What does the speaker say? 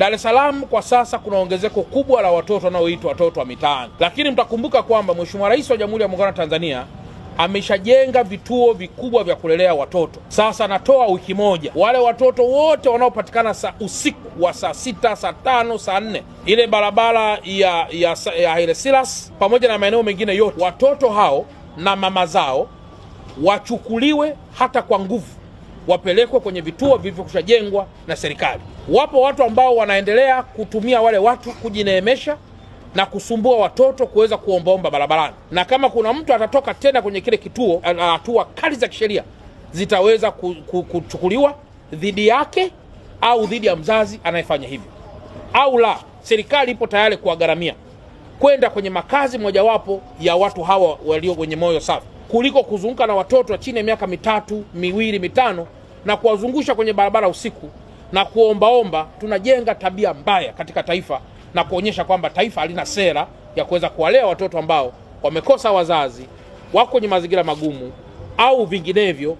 Dar es Salaam kwa sasa kuna ongezeko kubwa la watoto wanaoitwa watoto wa mitaani, lakini mtakumbuka kwamba Mheshimiwa Rais wa Jamhuri ya Muungano wa Tanzania ameshajenga vituo vikubwa vya kulelea watoto. Sasa anatoa wiki moja, wale watoto wote wanaopatikana saa usiku wa saa sita, saa tano, saa nne, ile barabara ya ya, ya Haile Silas pamoja na maeneo mengine yote, watoto hao na mama zao wachukuliwe hata kwa nguvu wapelekwe kwenye vituo vilivyokushajengwa na serikali. Wapo watu ambao wanaendelea kutumia wale watu kujineemesha na kusumbua watoto kuweza kuombaomba barabarani, na kama kuna mtu atatoka tena kwenye kile kituo, eh, hatua kali za kisheria zitaweza kuchukuliwa dhidi yake au dhidi ya mzazi anayefanya hivyo, au la, serikali ipo tayari kuwagharamia kwenda kwenye makazi mojawapo ya watu hawa walio wenye moyo safi kuliko kuzunguka na watoto chini ya miaka mitatu miwili mitano na kuwazungusha kwenye barabara usiku na kuombaomba. Tunajenga tabia mbaya katika taifa na kuonyesha kwamba taifa halina sera ya kuweza kuwalea watoto ambao wamekosa wazazi, wako kwenye mazingira magumu au vinginevyo